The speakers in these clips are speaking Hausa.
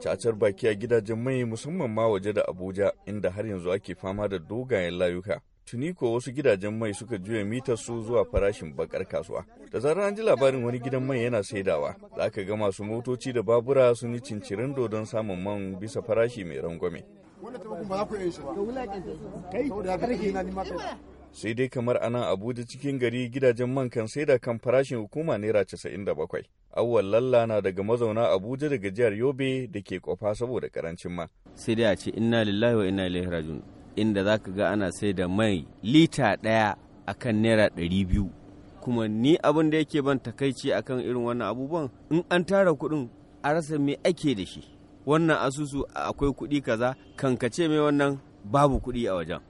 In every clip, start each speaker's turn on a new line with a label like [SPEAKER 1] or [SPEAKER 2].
[SPEAKER 1] Cacar baki a gidajen mai musamman ma waje da Abuja inda har yanzu ake fama da dogayen layuka. tuni ko wasu gidajen mai suka juya mitar su zuwa farashin bakar kasuwa da zarar an ji labarin wani gidan mai yana saidawa za ka ga masu motoci da babura sun yi cincirin don samun man bisa farashi mai rangwame sai dai kamar anan abuja cikin gari gidajen man kan saida kan farashin hukuma naira casa'in da bakwai awwal lalla na daga mazauna abuja daga jihar yobe da ke kofa saboda karancin ma.
[SPEAKER 2] sai dai a ce inna lillahi wa inna ilaihi rajiun inda za ka ga ana sai da mai lita ɗaya akan naira ɗari biyu kuma ni abin da yake ban takaici akan irin wannan abubuwan in an tara kuɗin a rasa me ake da shi wannan asusu akwai kuɗi kaza kankace mai wannan babu kuɗi a wajen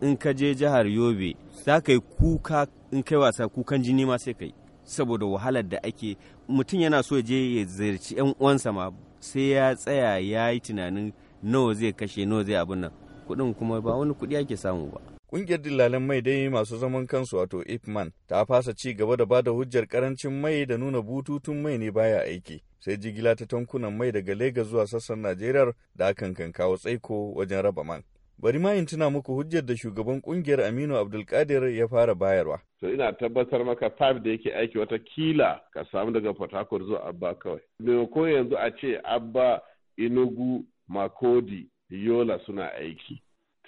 [SPEAKER 2] in ka je jihar yobe za ka yi kuka in kai wasa kukan jini ma sai kai saboda wahalar da ake mutum yana so je ya ziyarci 'yan uwansa ma sai ya tsaya ya yi
[SPEAKER 1] tunanin nawa zai kashe nawa zai abin nan kuɗin kuma ba wani kuɗi ake samu ba. Ƙungiyar dillalin mai dai masu zaman kansu wato Ipman ta fasa ci gaba da bada hujjar karancin mai da nuna bututun mai ne baya aiki. Sai jigila ta tankunan mai daga Legas zuwa sassan Najeriya da akan kan kawo tsaiko wajen raba man. Bari ma in tuna muku hujjar da shugaban kungiyar Aminu Abdulkadir ya fara bayarwa.
[SPEAKER 3] To ina tabbatar maka pipe da yake aiki wata kila ka samu daga Port zuwa Abba kawai. ko yanzu a ce Abba Inugu Makodi yola suna aiki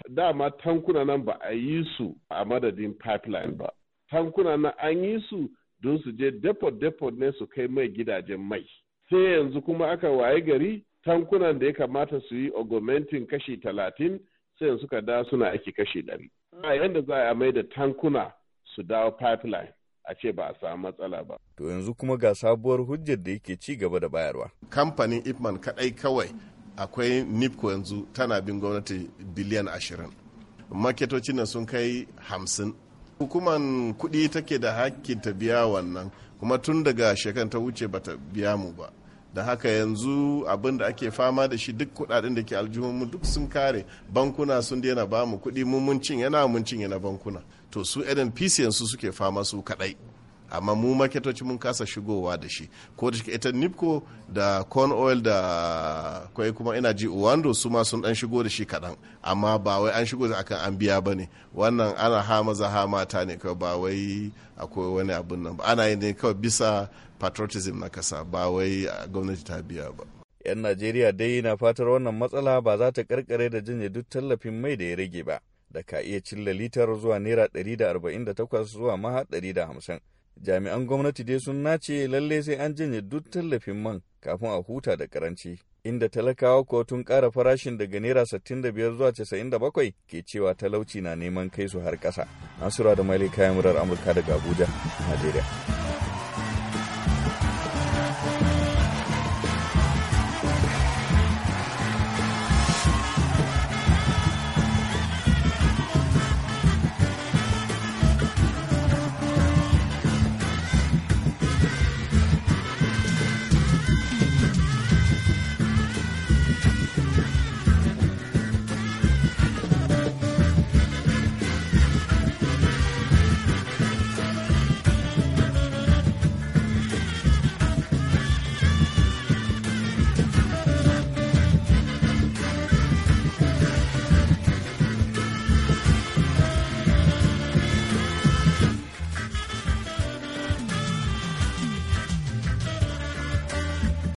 [SPEAKER 3] dama tankuna nan ba a yi su a madadin pipeline ba tankuna nan an yi su don su je depot-depot ne su kai mai gidajen mai sai yanzu kuma aka waye gari tankunan da ya kamata su yi augmentin kashi talatin sai yanzu ka da suna aiki kashi dari. a yadda za a mai da tankuna su dawo pipeline a ce ba a samu matsala ba.
[SPEAKER 1] To yanzu kuma ga sabuwar hujjar da yake ci gaba da bayarwa. Kamfanin Ipman kadai kawai
[SPEAKER 4] akwai nipco yanzu tana bin gwamnati biliyan ashirin maketocin nan sun kai hamsin hukuman kuɗi take da hakkin ta biya wannan kuma tun daga shekan ta wuce ba ta biya mu ba da haka yanzu abin da ake fama da shi duk kudaden da ke aljihunmu duk sun kare bankuna sun daina ba mu kuɗi mun mun cinye na mun cinye na bankuna to su NNPC yanzu suke fama su kadai. amma mu maketoci mun kasa shigowa da shi ko da shi ita nipco da corn oil da kwai kuma ina ji wando su ma sun dan shigo da shi kaɗan amma ba wai an shigo da akan an biya ba ne wannan ana ha maza ha mata ne kawai ba wai akwai wani abin nan ba ana yi ne kawai bisa
[SPEAKER 1] patriotism na kasa ba wai gwamnati ta biya ba 'yan Najeriya dai na fatar wannan matsala ba za ta karkare da janye duk tallafin mai da ya rage ba, da ka iya cilla litar zuwa Naira 148 zuwa maha 150. jami'an gwamnati dai sun nace lalle sai an janye duk tallafin man kafin a huta da karanci inda talakawa ko tun ƙara farashin daga naira 65 zuwa casa'in da bakwai ke cewa talauci na neman kai su har ƙasa nasura da mali kayan murar amurka daga abuja najeriya